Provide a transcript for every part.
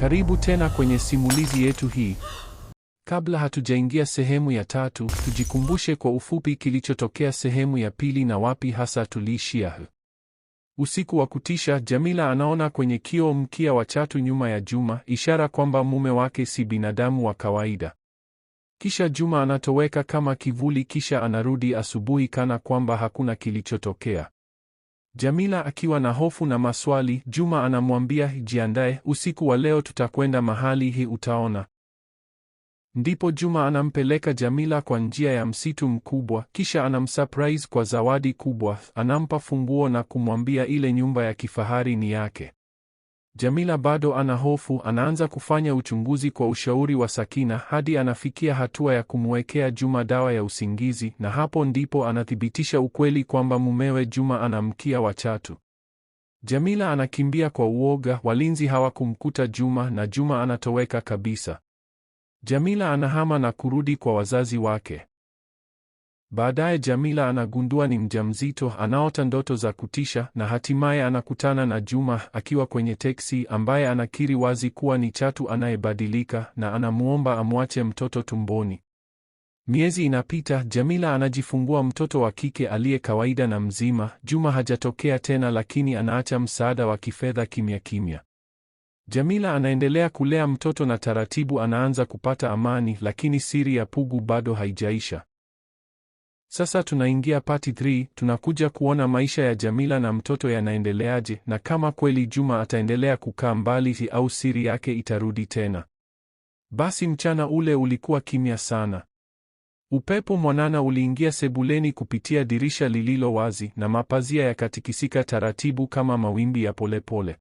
Karibu tena kwenye simulizi yetu hii. Kabla hatujaingia sehemu ya tatu, tujikumbushe kwa ufupi kilichotokea sehemu ya pili na wapi hasa tuliishia. Usiku wa kutisha, Jamila anaona kwenye kioo mkia wa chatu nyuma ya Juma, ishara kwamba mume wake si binadamu wa kawaida. Kisha Juma anatoweka kama kivuli, kisha anarudi asubuhi kana kwamba hakuna kilichotokea. Jamila akiwa na hofu na maswali, Juma anamwambia jiandae, usiku wa leo tutakwenda mahali hii utaona. Ndipo Juma anampeleka Jamila kwa njia ya msitu mkubwa, kisha anamsurprise kwa zawadi kubwa, anampa funguo na kumwambia ile nyumba ya kifahari ni yake. Jamila bado ana hofu, anaanza kufanya uchunguzi kwa ushauri wa Sakina hadi anafikia hatua ya kumwekea Juma dawa ya usingizi, na hapo ndipo anathibitisha ukweli kwamba mumewe Juma ana mkia wa chatu. Jamila anakimbia kwa uoga, walinzi hawakumkuta Juma na Juma anatoweka kabisa. Jamila anahama na kurudi kwa wazazi wake. Baadaye Jamila anagundua ni mjamzito, anaota ndoto za kutisha na hatimaye anakutana na Juma akiwa kwenye teksi, ambaye anakiri wazi kuwa ni chatu anayebadilika na anamwomba amwache mtoto tumboni. Miezi inapita, Jamila anajifungua mtoto wa kike aliye kawaida na mzima. Juma hajatokea tena, lakini anaacha msaada wa kifedha kimya kimya. Jamila anaendelea kulea mtoto na taratibu anaanza kupata amani, lakini siri ya Pugu bado haijaisha. Sasa tunaingia pati 3, tunakuja kuona maisha ya Jamila na mtoto yanaendeleaje na kama kweli Juma ataendelea kukaa mbali au siri yake itarudi tena. Basi mchana ule ulikuwa kimya sana. Upepo mwanana uliingia sebuleni kupitia dirisha lililo wazi na mapazia yakatikisika taratibu kama mawimbi ya polepole.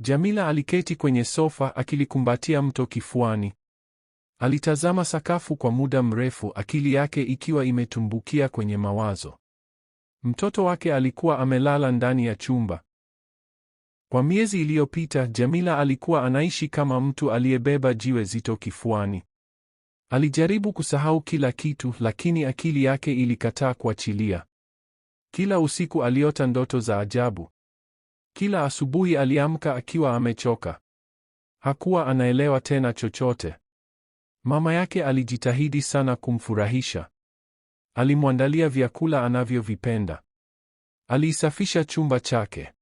Jamila aliketi kwenye sofa akilikumbatia mto kifuani. Alitazama sakafu kwa muda mrefu, akili yake ikiwa imetumbukia kwenye mawazo. Mtoto wake alikuwa amelala ndani ya chumba. Kwa miezi iliyopita, Jamila alikuwa anaishi kama mtu aliyebeba jiwe zito kifuani. Alijaribu kusahau kila kitu, lakini akili yake ilikataa kuachilia. Kila usiku aliota ndoto za ajabu. Kila asubuhi aliamka akiwa amechoka. Hakuwa anaelewa tena chochote. Mama yake alijitahidi sana kumfurahisha. Alimwandalia vyakula anavyovipenda. Aliisafisha chumba chake.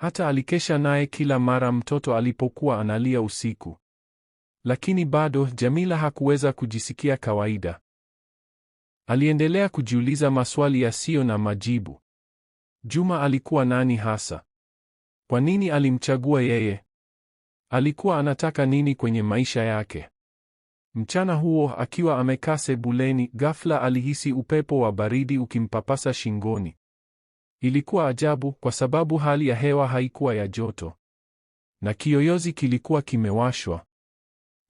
Hata alikesha naye kila mara mtoto alipokuwa analia usiku. Lakini bado Jamila hakuweza kujisikia kawaida. Aliendelea kujiuliza maswali yasiyo na majibu. Juma alikuwa nani hasa? Kwa nini alimchagua yeye? Alikuwa anataka nini kwenye maisha yake? Mchana huo akiwa amekaa sebuleni, ghafla alihisi upepo wa baridi ukimpapasa shingoni. Ilikuwa ajabu kwa sababu hali ya hewa haikuwa ya joto na kiyoyozi kilikuwa kimewashwa.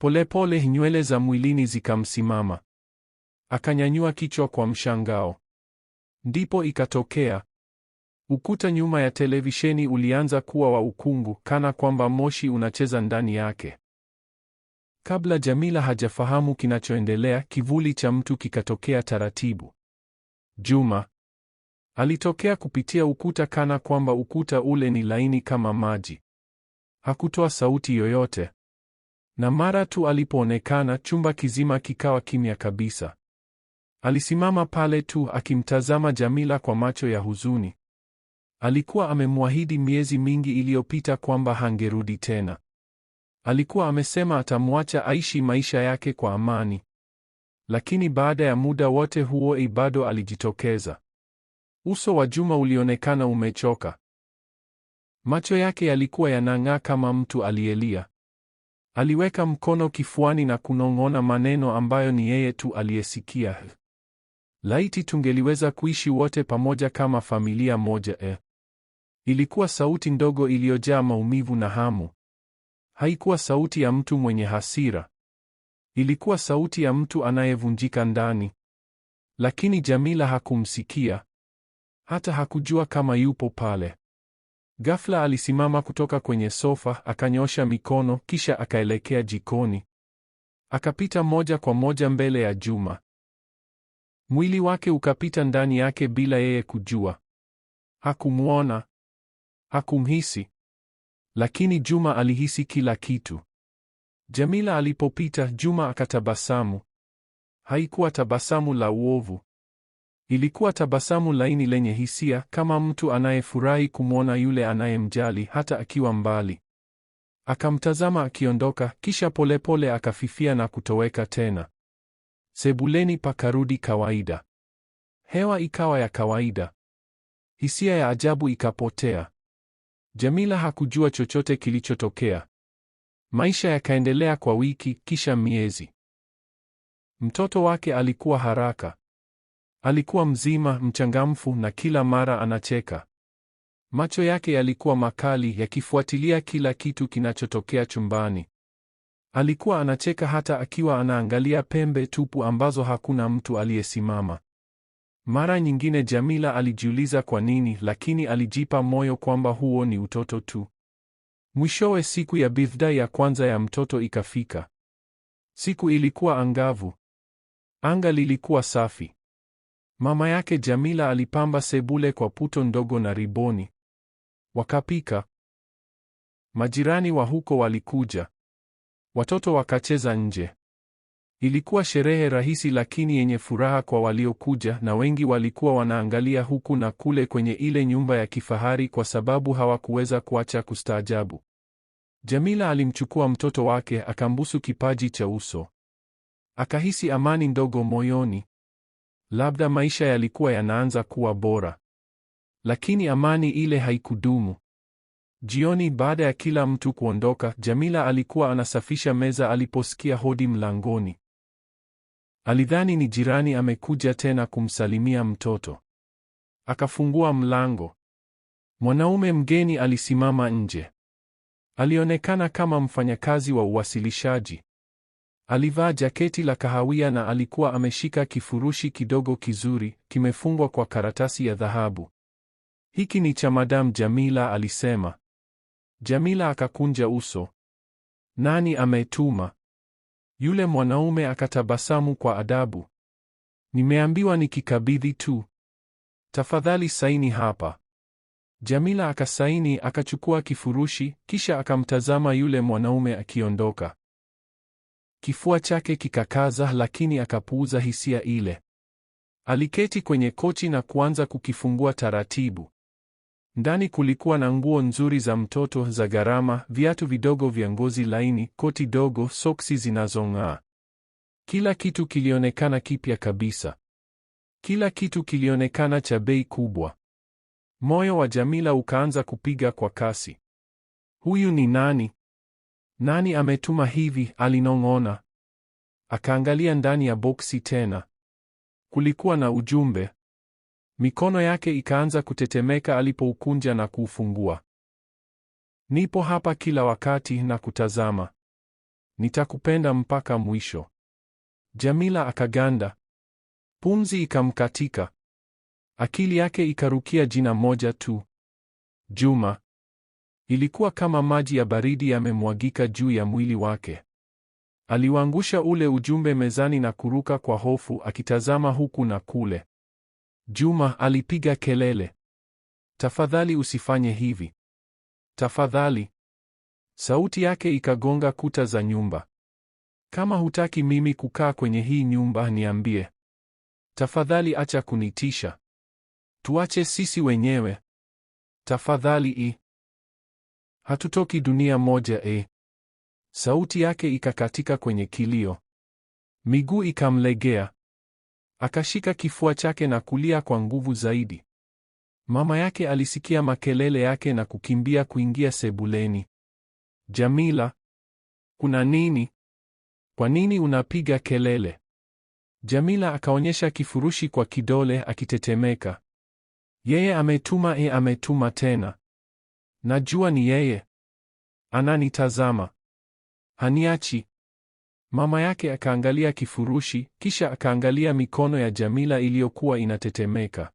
Polepole nywele za mwilini zikamsimama, akanyanyua kichwa kwa mshangao. Ndipo ikatokea. Ukuta nyuma ya televisheni ulianza kuwa wa ukungu, kana kwamba moshi unacheza ndani yake. Kabla Jamila hajafahamu kinachoendelea, kivuli cha mtu kikatokea taratibu. Juma alitokea kupitia ukuta kana kwamba ukuta ule ni laini kama maji. Hakutoa sauti yoyote, na mara tu alipoonekana, chumba kizima kikawa kimya kabisa. Alisimama pale tu akimtazama Jamila kwa macho ya huzuni. Alikuwa amemwahidi miezi mingi iliyopita kwamba hangerudi tena. Alikuwa amesema atamwacha aishi maisha yake kwa amani, lakini baada ya muda wote huo bado alijitokeza. Uso wa Juma ulionekana umechoka, macho yake yalikuwa yanang'aa kama mtu aliyelia. Aliweka mkono kifuani na kunong'ona maneno ambayo ni yeye tu aliyesikia. Laiti tungeliweza kuishi wote pamoja kama familia moja eh. Ilikuwa sauti ndogo iliyojaa maumivu na hamu. Haikuwa sauti ya mtu mwenye hasira. Ilikuwa sauti ya mtu anayevunjika ndani. Lakini Jamila hakumsikia. Hata hakujua kama yupo pale. Ghafla alisimama kutoka kwenye sofa, akanyosha mikono kisha akaelekea jikoni. Akapita moja kwa moja mbele ya Juma. Mwili wake ukapita ndani yake bila yeye kujua. Hakumwona, hakumhisi. Lakini Juma alihisi kila kitu. Jamila alipopita, Juma akatabasamu. Haikuwa tabasamu la uovu. Ilikuwa tabasamu laini lenye hisia, kama mtu anayefurahi kumwona yule anayemjali hata akiwa mbali. Akamtazama akiondoka, kisha polepole pole akafifia na kutoweka tena. Sebuleni pakarudi kawaida, hewa ikawa ya kawaida, hisia ya ajabu ikapotea. Jamila hakujua chochote kilichotokea. Maisha yakaendelea kwa wiki, kisha miezi. Mtoto wake alikuwa haraka. Alikuwa mzima, mchangamfu na kila mara anacheka. Macho yake yalikuwa makali, yakifuatilia kila kitu kinachotokea chumbani. Alikuwa anacheka hata akiwa anaangalia pembe tupu ambazo hakuna mtu aliyesimama. Mara nyingine Jamila alijiuliza kwa nini, lakini alijipa moyo kwamba huo ni utoto tu. Mwishowe siku ya birthday ya kwanza ya mtoto ikafika. Siku ilikuwa angavu, anga lilikuwa safi. Mama yake Jamila alipamba sebule kwa puto ndogo na riboni, wakapika. Majirani wa huko walikuja, watoto wakacheza nje. Ilikuwa sherehe rahisi lakini yenye furaha kwa waliokuja, na wengi walikuwa wanaangalia huku na kule kwenye ile nyumba ya kifahari kwa sababu hawakuweza kuacha kustaajabu. Jamila alimchukua mtoto wake akambusu kipaji cha uso, akahisi amani ndogo moyoni. Labda maisha yalikuwa yanaanza kuwa bora, lakini amani ile haikudumu. Jioni baada ya kila mtu kuondoka, Jamila alikuwa anasafisha meza aliposikia hodi mlangoni. Alidhani ni jirani amekuja tena kumsalimia mtoto. Akafungua mlango. Mwanaume mgeni alisimama nje. Alionekana kama mfanyakazi wa uwasilishaji. Alivaa jaketi la kahawia na alikuwa ameshika kifurushi kidogo kizuri, kimefungwa kwa karatasi ya dhahabu. Hiki ni cha Madam Jamila, alisema. Jamila akakunja uso. Nani ametuma? Yule mwanaume akatabasamu kwa adabu. Nimeambiwa nikikabidhi tu. Tafadhali saini hapa. Jamila akasaini, akachukua kifurushi, kisha akamtazama yule mwanaume akiondoka. Kifua chake kikakaza, lakini akapuuza hisia ile. Aliketi kwenye kochi na kuanza kukifungua taratibu. Ndani kulikuwa na nguo nzuri za mtoto za gharama, viatu vidogo vya ngozi laini, koti dogo, soksi zinazong'aa. Kila kitu kilionekana kipya kabisa. Kila kitu kilionekana cha bei kubwa. Moyo wa Jamila ukaanza kupiga kwa kasi. Huyu ni nani? Nani ametuma hivi? Alinong'ona. Akaangalia ndani ya boksi tena. Kulikuwa na ujumbe. Mikono yake ikaanza kutetemeka alipoukunja na kuufungua. Nipo hapa kila wakati na kutazama. Nitakupenda mpaka mwisho. Jamila akaganda. Pumzi ikamkatika. Akili yake ikarukia jina moja tu. Juma. Ilikuwa kama maji ya baridi yamemwagika juu ya mwili wake. Aliuangusha ule ujumbe mezani na kuruka kwa hofu akitazama huku na kule. Juma alipiga kelele. Tafadhali usifanye hivi. Tafadhali. Sauti yake ikagonga kuta za nyumba. Kama hutaki mimi kukaa kwenye hii nyumba, niambie. Tafadhali acha kunitisha. Tuache sisi wenyewe. Tafadhali i. Hatutoki dunia moja e. Sauti yake ikakatika kwenye kilio. Miguu ikamlegea. Akashika kifua chake na kulia kwa nguvu zaidi. Mama yake alisikia makelele yake na kukimbia kuingia sebuleni. Jamila, kuna nini? Kwa nini unapiga kelele? Jamila akaonyesha kifurushi kwa kidole akitetemeka. Yeye ametuma, e, ametuma tena. Najua ni yeye. Ananitazama. Haniachi. Mama yake akaangalia kifurushi, kisha akaangalia mikono ya Jamila iliyokuwa inatetemeka.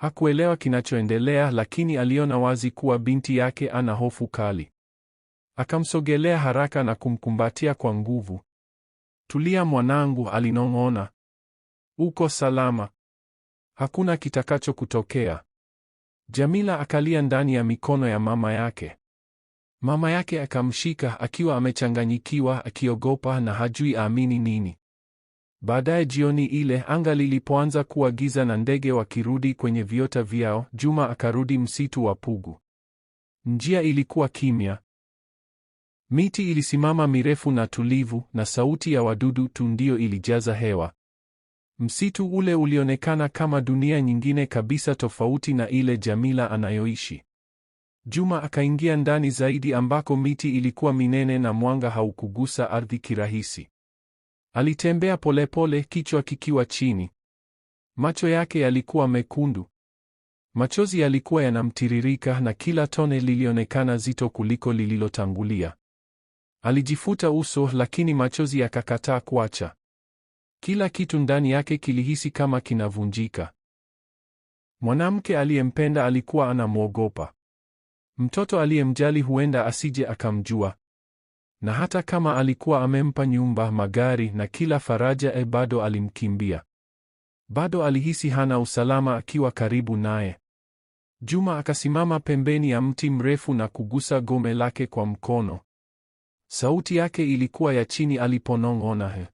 Hakuelewa kinachoendelea, lakini aliona wazi kuwa binti yake ana hofu kali. Akamsogelea haraka na kumkumbatia kwa nguvu. Tulia mwanangu, alinong'ona, uko salama, hakuna kitakachokutokea. Jamila akalia ndani ya mikono ya mama yake. Mama yake akamshika akiwa amechanganyikiwa, akiogopa na hajui aamini nini. Baadaye jioni ile, anga lilipoanza kuwa giza na ndege wakirudi kwenye viota vyao, Juma akarudi msitu wa Pugu. Njia ilikuwa kimya. Miti ilisimama mirefu na tulivu, na sauti ya wadudu tu ndio ilijaza hewa. Msitu ule ulionekana kama dunia nyingine kabisa, tofauti na ile Jamila anayoishi. Juma akaingia ndani zaidi ambako miti ilikuwa minene na mwanga haukugusa ardhi kirahisi. Alitembea polepole, kichwa kikiwa chini. Macho yake yalikuwa mekundu. Machozi yalikuwa yanamtiririka na kila tone lilionekana zito kuliko lililotangulia. Alijifuta uso lakini machozi yakakataa kuacha. Kila kitu ndani yake kilihisi kama kinavunjika. Mwanamke aliyempenda alikuwa anamwogopa. Mtoto aliyemjali huenda asije akamjua, na hata kama alikuwa amempa nyumba, magari na kila faraja, e, bado alimkimbia, bado alihisi hana usalama akiwa karibu naye. Juma akasimama pembeni ya mti mrefu na kugusa gome lake kwa mkono. Sauti yake ilikuwa ya chini aliponong'ona, he, eh.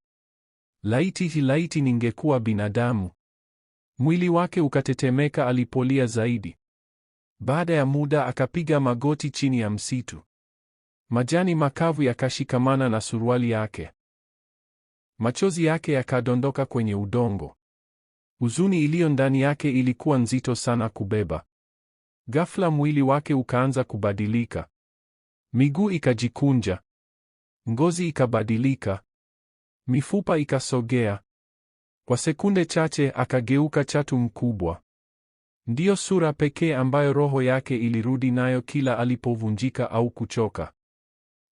laiti hilaiti ningekuwa binadamu. Mwili wake ukatetemeka alipolia zaidi. Baada ya muda akapiga magoti chini ya msitu. Majani makavu yakashikamana na suruali yake. Machozi yake yakadondoka kwenye udongo. Huzuni iliyo ndani yake ilikuwa nzito sana kubeba. Ghafla mwili wake ukaanza kubadilika. Miguu ikajikunja. Ngozi ikabadilika. Mifupa ikasogea. Kwa sekunde chache akageuka chatu mkubwa. Ndiyo sura pekee ambayo roho yake ilirudi nayo kila alipovunjika au kuchoka.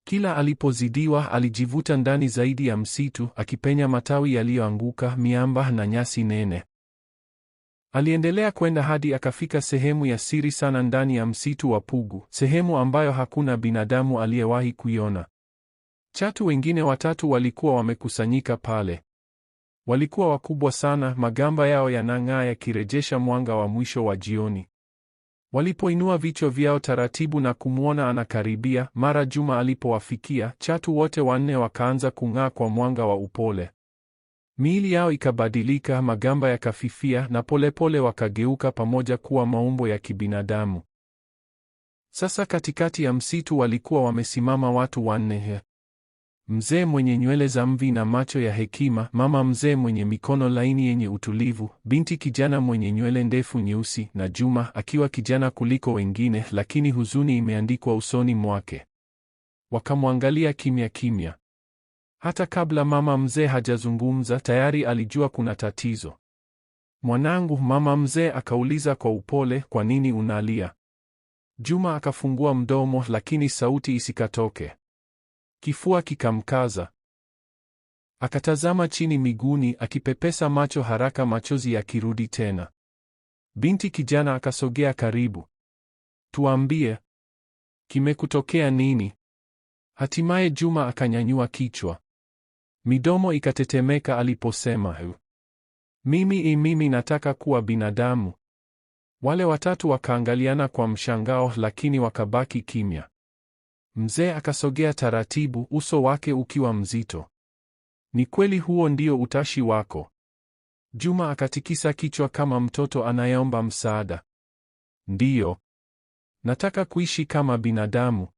Kila alipozidiwa alijivuta ndani zaidi ya msitu, akipenya matawi yaliyoanguka, miamba na nyasi nene. Aliendelea kwenda hadi akafika sehemu ya siri sana ndani ya msitu wa Pugu, sehemu ambayo hakuna binadamu aliyewahi kuiona. Chatu wengine watatu walikuwa wamekusanyika pale. Walikuwa wakubwa sana, magamba yao yanang'aa yakirejesha mwanga wa mwisho wa jioni. Walipoinua vichwa vyao taratibu na kumwona anakaribia, mara Juma alipowafikia, chatu wote wanne wakaanza kung'aa kwa mwanga wa upole. Miili yao ikabadilika, magamba yakafifia, na polepole wakageuka pamoja kuwa maumbo ya kibinadamu. Sasa katikati ya msitu walikuwa wamesimama watu wanne. Mzee mwenye nywele za mvi na macho ya hekima, mama mzee mwenye mikono laini yenye utulivu, binti kijana mwenye nywele ndefu nyeusi, na Juma akiwa kijana kuliko wengine, lakini huzuni imeandikwa usoni mwake. Wakamwangalia kimya kimya. Hata kabla mama mzee hajazungumza, tayari alijua kuna tatizo. Mwanangu, mama mzee akauliza kwa upole, kwa nini unalia? Juma akafungua mdomo, lakini sauti isikatoke. Kifua kikamkaza. Akatazama chini miguuni akipepesa macho haraka machozi yakirudi tena. Binti kijana akasogea karibu. Tuambie, kimekutokea nini? Hatimaye Juma akanyanyua kichwa. Midomo ikatetemeka aliposema hu. Mimi mimi nataka kuwa binadamu. Wale watatu wakaangaliana kwa mshangao lakini wakabaki kimya. Mzee akasogea taratibu, uso wake ukiwa mzito. Ni kweli huo ndio utashi wako? Juma akatikisa kichwa kama mtoto anayeomba msaada. Ndiyo. Nataka kuishi kama binadamu.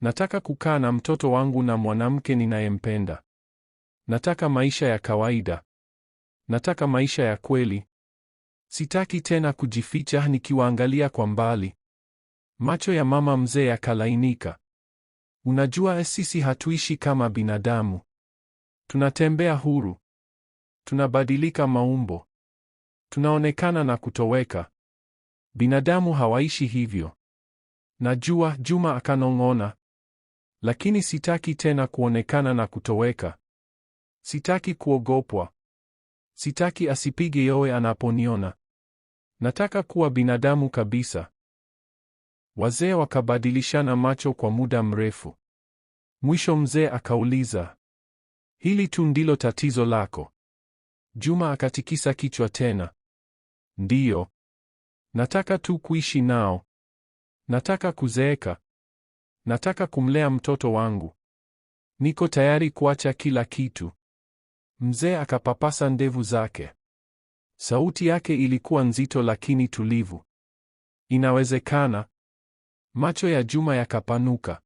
Nataka kukaa na mtoto wangu na mwanamke ninayempenda. Nataka maisha ya kawaida. Nataka maisha ya kweli. Sitaki tena kujificha nikiwaangalia kwa mbali. Macho ya mama mzee yakalainika. Unajua, sisi hatuishi kama binadamu, tunatembea huru, tunabadilika maumbo, tunaonekana na kutoweka. Binadamu hawaishi hivyo. Najua, Juma akanong'ona, lakini sitaki tena kuonekana na kutoweka. Sitaki kuogopwa, sitaki asipige yowe anaponiona. Nataka kuwa binadamu kabisa. Wazee wakabadilishana macho kwa muda mrefu. Mwisho mzee akauliza, hili tu ndilo tatizo lako? Juma akatikisa kichwa tena. Ndiyo, nataka tu kuishi nao, nataka kuzeeka, nataka kumlea mtoto wangu, niko tayari kuacha kila kitu. Mzee akapapasa ndevu zake. Sauti yake ilikuwa nzito lakini tulivu. Inawezekana. Macho ya Juma yakapanuka.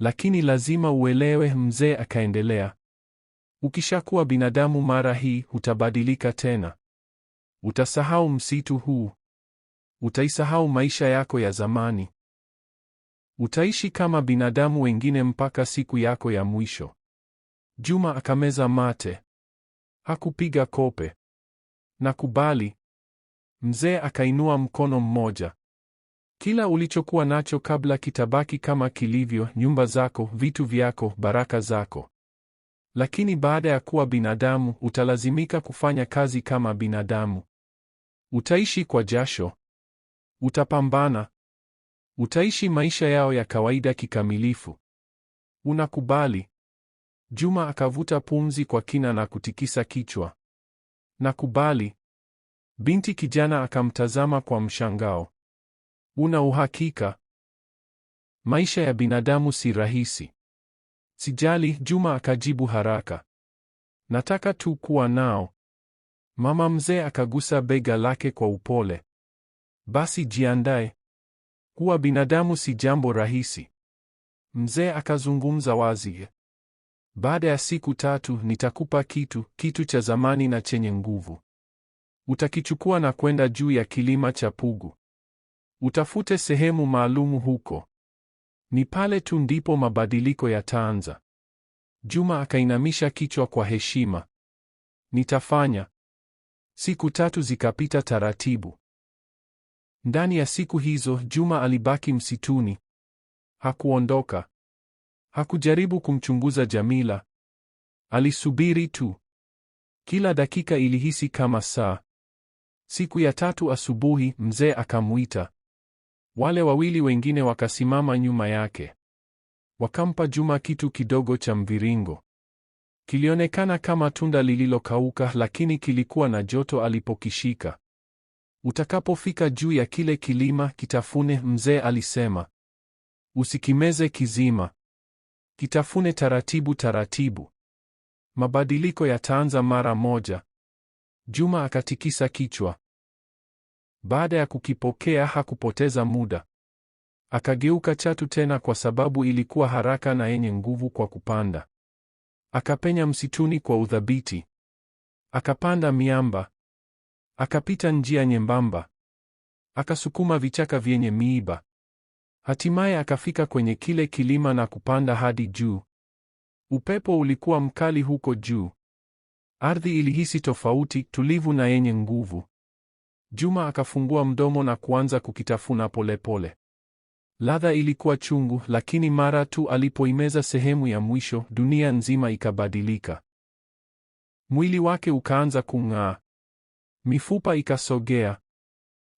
Lakini lazima uelewe, mzee akaendelea. Ukishakuwa binadamu mara hii hutabadilika tena. Utasahau msitu huu. Utaisahau maisha yako ya zamani. Utaishi kama binadamu wengine mpaka siku yako ya mwisho. Juma akameza mate. Hakupiga kope. Nakubali. Mzee akainua mkono mmoja. Kila ulichokuwa nacho kabla kitabaki kama kilivyo, nyumba zako, vitu vyako, baraka zako. Lakini baada ya kuwa binadamu, utalazimika kufanya kazi kama binadamu. Utaishi kwa jasho, utapambana, utaishi maisha yao ya kawaida kikamilifu. Unakubali? Juma akavuta pumzi kwa kina na kutikisa kichwa. Nakubali. Binti kijana akamtazama kwa mshangao. Una uhakika? Maisha ya binadamu si rahisi. Sijali, Juma akajibu haraka. Nataka tu kuwa nao. Mama mzee akagusa bega lake kwa upole. Basi jiandae. Kuwa binadamu si jambo rahisi. Mzee akazungumza wazi. Baada ya siku tatu nitakupa kitu, kitu cha zamani na chenye nguvu. Utakichukua na kwenda juu ya kilima cha Pugu. Utafute sehemu maalumu huko. Ni pale tu ndipo mabadiliko yataanza. Juma akainamisha kichwa kwa heshima. Nitafanya. Siku tatu zikapita taratibu. Ndani ya siku hizo Juma alibaki msituni. Hakuondoka. Hakujaribu kumchunguza Jamila. Alisubiri tu. Kila dakika ilihisi kama saa. Siku ya tatu asubuhi mzee akamuita. Wale wawili wengine wakasimama nyuma yake, wakampa Juma kitu kidogo cha mviringo. Kilionekana kama tunda lililokauka, lakini kilikuwa na joto alipokishika. Utakapofika juu ya kile kilima, kitafune, mzee alisema. Usikimeze kizima, kitafune taratibu taratibu, mabadiliko yataanza mara moja. Juma akatikisa kichwa. Baada ya kukipokea hakupoteza muda, akageuka chatu tena, kwa sababu ilikuwa haraka na yenye nguvu kwa kupanda. Akapenya msituni kwa uthabiti, akapanda miamba, akapita njia nyembamba, akasukuma vichaka vyenye miiba. Hatimaye akafika kwenye kile kilima na kupanda hadi juu. Upepo ulikuwa mkali huko juu. Ardhi ilihisi tofauti, tulivu na yenye nguvu. Juma akafungua mdomo na kuanza kukitafuna polepole. Ladha ilikuwa chungu, lakini mara tu alipoimeza sehemu ya mwisho, dunia nzima ikabadilika. Mwili wake ukaanza kung'aa, mifupa ikasogea,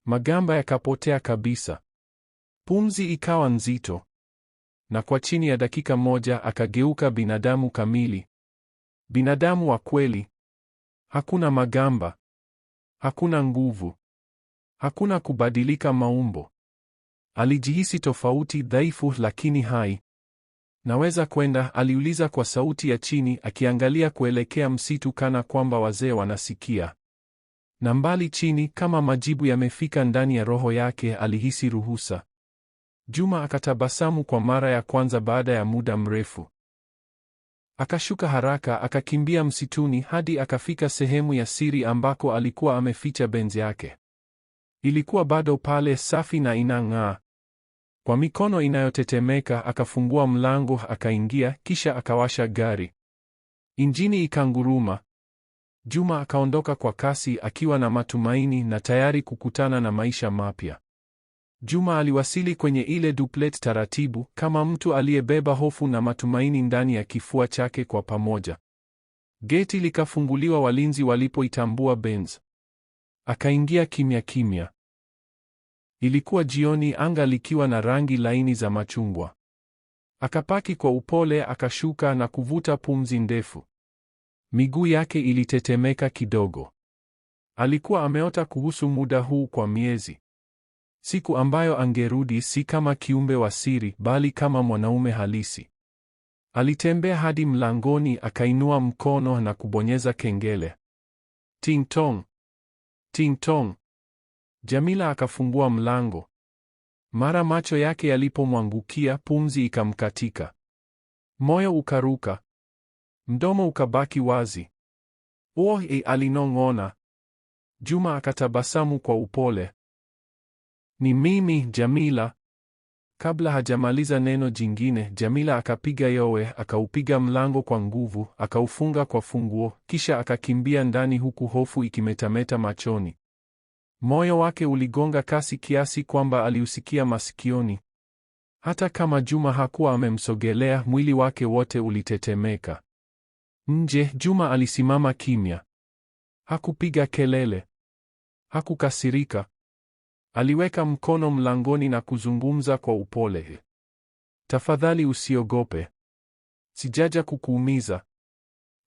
magamba yakapotea kabisa, pumzi ikawa nzito, na kwa chini ya dakika moja akageuka binadamu kamili, binadamu wa kweli. Hakuna magamba, hakuna nguvu, Hakuna kubadilika maumbo. Alijihisi tofauti, dhaifu lakini hai. Naweza kwenda? aliuliza kwa sauti ya chini, akiangalia kuelekea msitu kana kwamba wazee wanasikia. Na mbali chini, kama majibu yamefika ndani ya roho yake, alihisi ruhusa. Juma akatabasamu kwa mara ya kwanza baada ya muda mrefu. Akashuka haraka, akakimbia msituni hadi akafika sehemu ya siri ambako alikuwa ameficha benzi yake. Ilikuwa bado pale, safi na inang'aa. Kwa mikono inayotetemeka akafungua mlango, akaingia, kisha akawasha gari. Injini ikanguruma. Juma akaondoka kwa kasi akiwa na matumaini na tayari kukutana na maisha mapya. Juma aliwasili kwenye ile duplet taratibu, kama mtu aliyebeba hofu na matumaini ndani ya kifua chake kwa pamoja. Geti likafunguliwa walinzi walipoitambua Benz. Akaingia kimya kimya. Ilikuwa jioni, anga likiwa na rangi laini za machungwa. Akapaki kwa upole, akashuka na kuvuta pumzi ndefu. Miguu yake ilitetemeka kidogo. Alikuwa ameota kuhusu muda huu kwa miezi, siku ambayo angerudi si kama kiumbe wa siri, bali kama mwanaume halisi. Alitembea hadi mlangoni, akainua mkono na kubonyeza kengele. Ting tong ting tong Jamila akafungua mlango. Mara macho yake yalipomwangukia, pumzi ikamkatika. Moyo ukaruka. Mdomo ukabaki wazi. Oh, e, alinong'ona. Juma akatabasamu kwa upole. Ni mimi Jamila. Kabla hajamaliza neno jingine, Jamila akapiga yowe, akaupiga mlango kwa nguvu, akaufunga kwa funguo, kisha akakimbia ndani huku hofu ikimetameta machoni. Moyo wake uligonga kasi kiasi kwamba aliusikia masikioni. Hata kama Juma hakuwa amemsogelea, mwili wake wote ulitetemeka. Nje, Juma alisimama kimya. Hakupiga kelele. Hakukasirika. Aliweka mkono mlangoni na kuzungumza kwa upole. Tafadhali usiogope. Sijaja kukuumiza.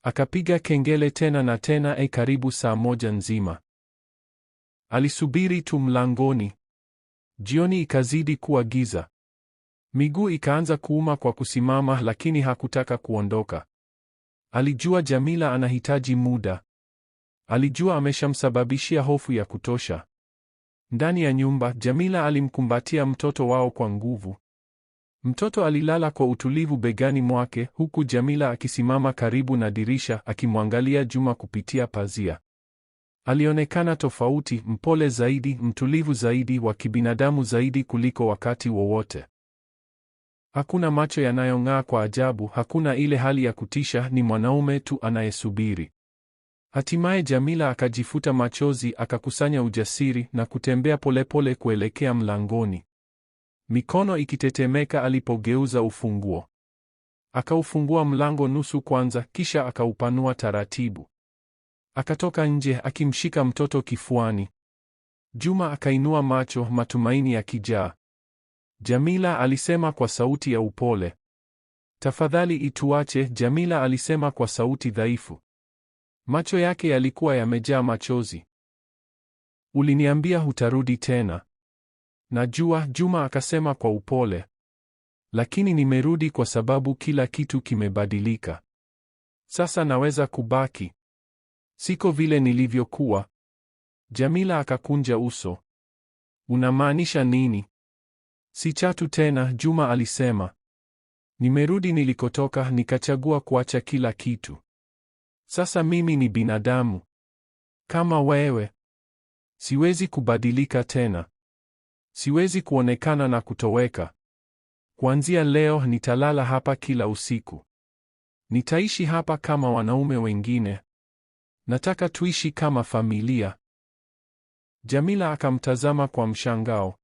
Akapiga kengele tena na tena, e, karibu saa moja nzima. Alisubiri tu mlangoni. Jioni ikazidi kuwa giza. Miguu ikaanza kuuma kwa kusimama, lakini hakutaka kuondoka. Alijua Jamila anahitaji muda. Alijua ameshamsababishia hofu ya kutosha. Ndani ya nyumba, Jamila alimkumbatia mtoto wao kwa nguvu. Mtoto alilala kwa utulivu begani mwake, huku Jamila akisimama karibu na dirisha akimwangalia Juma kupitia pazia. Alionekana tofauti, mpole zaidi, mtulivu zaidi, wa kibinadamu zaidi kuliko wakati wowote. Hakuna macho yanayong'aa kwa ajabu, hakuna ile hali ya kutisha, ni mwanaume tu anayesubiri. Hatimaye Jamila akajifuta machozi, akakusanya ujasiri na kutembea polepole pole kuelekea mlangoni, mikono ikitetemeka alipogeuza ufunguo. Akaufungua mlango nusu kwanza, kisha akaupanua taratibu. Akatoka nje akimshika mtoto kifuani. Juma akainua macho, matumaini yakijaa. Jamila alisema kwa sauti ya upole, tafadhali ituache. Jamila alisema kwa sauti dhaifu, Macho yake yalikuwa yamejaa machozi. Uliniambia hutarudi tena. Najua, Juma akasema kwa upole. Lakini nimerudi kwa sababu kila kitu kimebadilika. Sasa naweza kubaki. Siko vile nilivyokuwa. Jamila akakunja uso. Unamaanisha nini? Si chatu tena, Juma alisema. Nimerudi nilikotoka, nikachagua kuacha kila kitu. Sasa mimi ni binadamu kama wewe. Siwezi kubadilika tena. Siwezi kuonekana na kutoweka. Kuanzia leo nitalala hapa kila usiku. Nitaishi hapa kama wanaume wengine. Nataka tuishi kama familia. Jamila akamtazama kwa mshangao.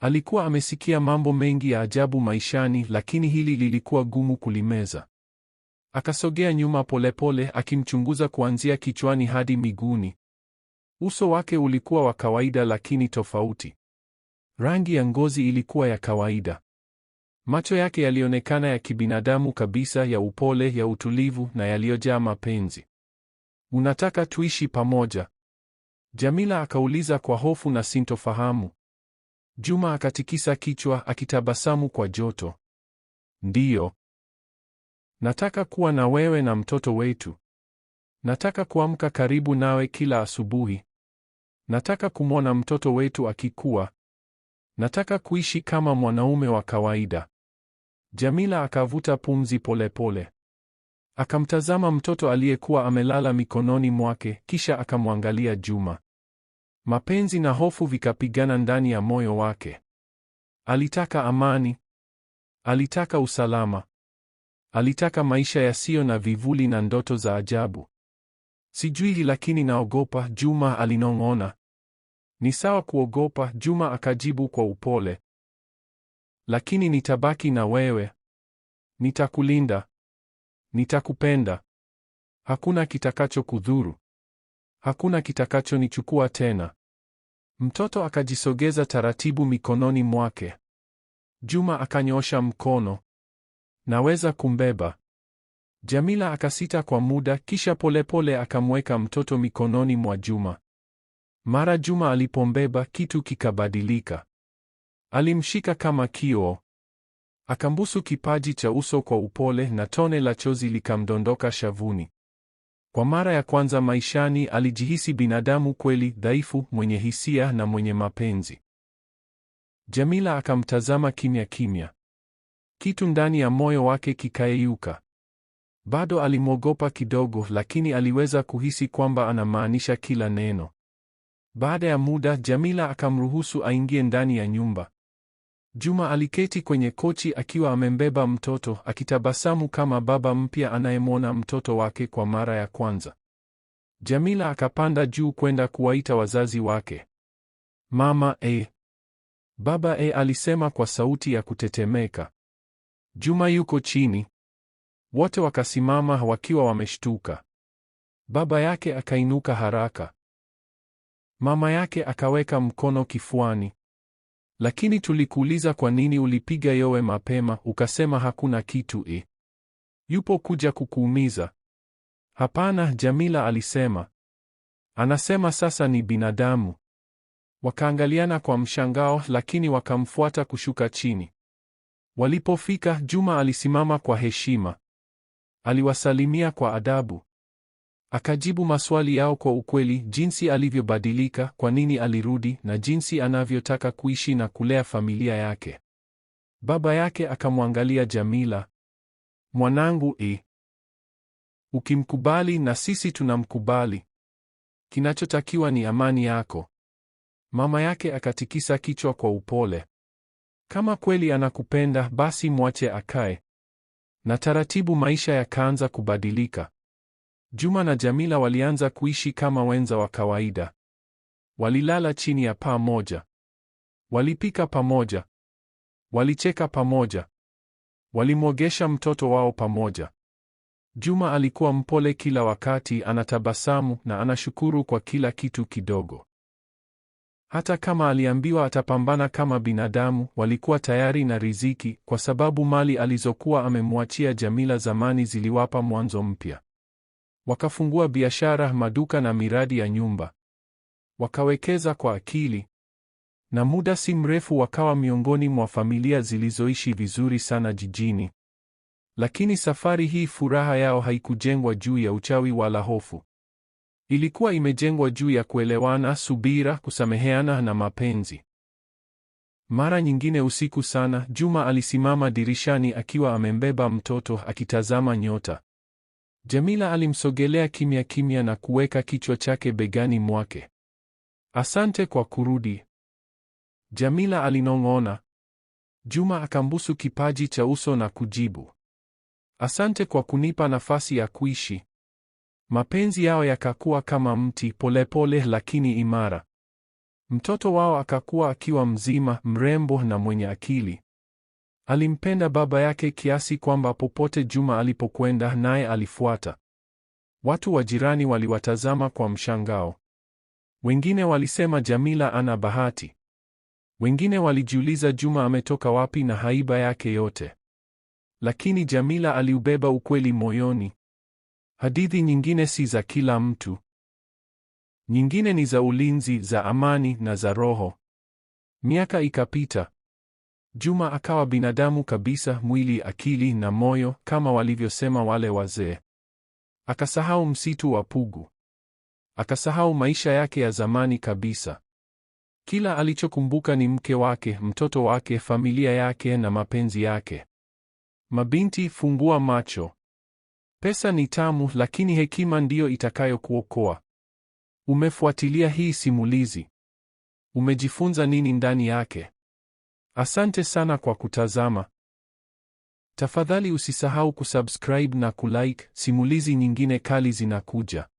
Alikuwa amesikia mambo mengi ya ajabu maishani, lakini hili lilikuwa gumu kulimeza. Akasogea nyuma polepole akimchunguza kuanzia kichwani hadi miguuni. Uso wake ulikuwa wa kawaida lakini tofauti. Rangi ya ngozi ilikuwa ya kawaida. Macho yake yalionekana ya kibinadamu kabisa, ya upole, ya utulivu na yaliyojaa mapenzi. Unataka tuishi pamoja? Jamila akauliza kwa hofu na sintofahamu. Juma akatikisa kichwa akitabasamu kwa joto. Ndiyo. Nataka kuwa na wewe na mtoto wetu. Nataka kuamka karibu nawe kila asubuhi. Nataka kumwona mtoto wetu akikua. Nataka kuishi kama mwanaume wa kawaida. Jamila akavuta pumzi polepole. Akamtazama mtoto aliyekuwa amelala mikononi mwake, kisha akamwangalia Juma. Mapenzi na hofu vikapigana ndani ya moyo wake. Alitaka amani. Alitaka usalama. Alitaka maisha yasiyo na vivuli na ndoto za ajabu. Sijui lakini naogopa, Juma alinong'ona. Ni sawa kuogopa, Juma akajibu kwa upole. Lakini nitabaki na wewe. Nitakulinda. Nitakupenda. Hakuna kitakacho kudhuru. Hakuna kitakachonichukua tena. Mtoto akajisogeza taratibu mikononi mwake. Juma akanyosha mkono naweza kumbeba. Jamila akasita kwa muda, kisha polepole akamweka mtoto mikononi mwa Juma. Mara Juma alipombeba, kitu kikabadilika. Alimshika kama kioo, akambusu kipaji cha uso kwa upole, na tone la chozi likamdondoka shavuni. Kwa mara ya kwanza maishani alijihisi binadamu kweli, dhaifu, mwenye hisia na mwenye mapenzi. Jamila akamtazama kimya kimya. Kitu ndani ya moyo wake kikayeyuka. Bado alimwogopa kidogo, lakini aliweza kuhisi kwamba anamaanisha kila neno. Baada ya muda, Jamila akamruhusu aingie ndani ya nyumba. Juma aliketi kwenye kochi akiwa amembeba mtoto, akitabasamu kama baba mpya anayemwona mtoto wake kwa mara ya kwanza. Jamila akapanda juu kwenda kuwaita wazazi wake. Mama e, baba e, alisema kwa sauti ya kutetemeka. Juma yuko chini. Wote wakasimama wakiwa wameshtuka. Baba yake akainuka haraka. Mama yake akaweka mkono kifuani. Lakini tulikuuliza kwa nini ulipiga yowe mapema, ukasema hakuna kitu e. Yupo kuja kukuumiza. Hapana, Jamila alisema. Anasema sasa ni binadamu. Wakaangaliana kwa mshangao, lakini wakamfuata kushuka chini. Walipofika, Juma alisimama kwa heshima. Aliwasalimia kwa adabu. Akajibu maswali yao kwa ukweli, jinsi alivyobadilika, kwa nini alirudi na jinsi anavyotaka kuishi na kulea familia yake. Baba yake akamwangalia Jamila. Mwanangu, e, ukimkubali na sisi tunamkubali. Kinachotakiwa ni amani yako. Mama yake akatikisa kichwa kwa upole. Kama kweli anakupenda, basi mwache akae. Na taratibu maisha yakaanza kubadilika. Juma na Jamila walianza kuishi kama wenza wa kawaida. Walilala chini ya paa moja. Walipika pamoja. Walicheka pamoja. Walimwogesha mtoto wao pamoja. Juma alikuwa mpole kila wakati, anatabasamu na anashukuru kwa kila kitu kidogo. Hata kama aliambiwa atapambana kama binadamu, walikuwa tayari na riziki, kwa sababu mali alizokuwa amemwachia Jamila zamani ziliwapa mwanzo mpya. Wakafungua biashara, maduka na miradi ya nyumba. Wakawekeza kwa akili, na muda si mrefu wakawa miongoni mwa familia zilizoishi vizuri sana jijini. Lakini safari hii furaha yao haikujengwa juu ya uchawi wala hofu. Ilikuwa imejengwa juu ya kuelewana, subira, kusameheana na mapenzi. Mara nyingine usiku sana, Juma alisimama dirishani akiwa amembeba mtoto akitazama nyota. Jamila alimsogelea kimya kimya na kuweka kichwa chake begani mwake. Asante kwa kurudi. Jamila alinong'ona. Juma akambusu kipaji cha uso na kujibu. Asante kwa kunipa nafasi ya kuishi. Mapenzi yao yakakuwa kama mti polepole pole, lakini imara. Mtoto wao akakuwa akiwa mzima, mrembo na mwenye akili. Alimpenda baba yake kiasi kwamba popote Juma alipokwenda naye alifuata. Watu wa jirani waliwatazama kwa mshangao. Wengine walisema Jamila ana bahati. Wengine walijiuliza Juma ametoka wapi na haiba yake yote. Lakini Jamila aliubeba ukweli moyoni. Hadithi nyingine si za kila mtu. Nyingine ni za ulinzi, za amani na za roho. Miaka ikapita. Juma akawa binadamu kabisa, mwili, akili na moyo, kama walivyosema wale wazee. Akasahau msitu wa Pugu, akasahau maisha yake ya zamani kabisa. Kila alichokumbuka ni mke wake, mtoto wake, familia yake na mapenzi yake. Mabinti, fungua macho. Pesa ni tamu, lakini hekima ndiyo itakayokuokoa. Umefuatilia hii simulizi, umejifunza nini ndani yake? Asante sana kwa kutazama. Tafadhali usisahau kusubscribe na kulike. Simulizi nyingine kali zinakuja.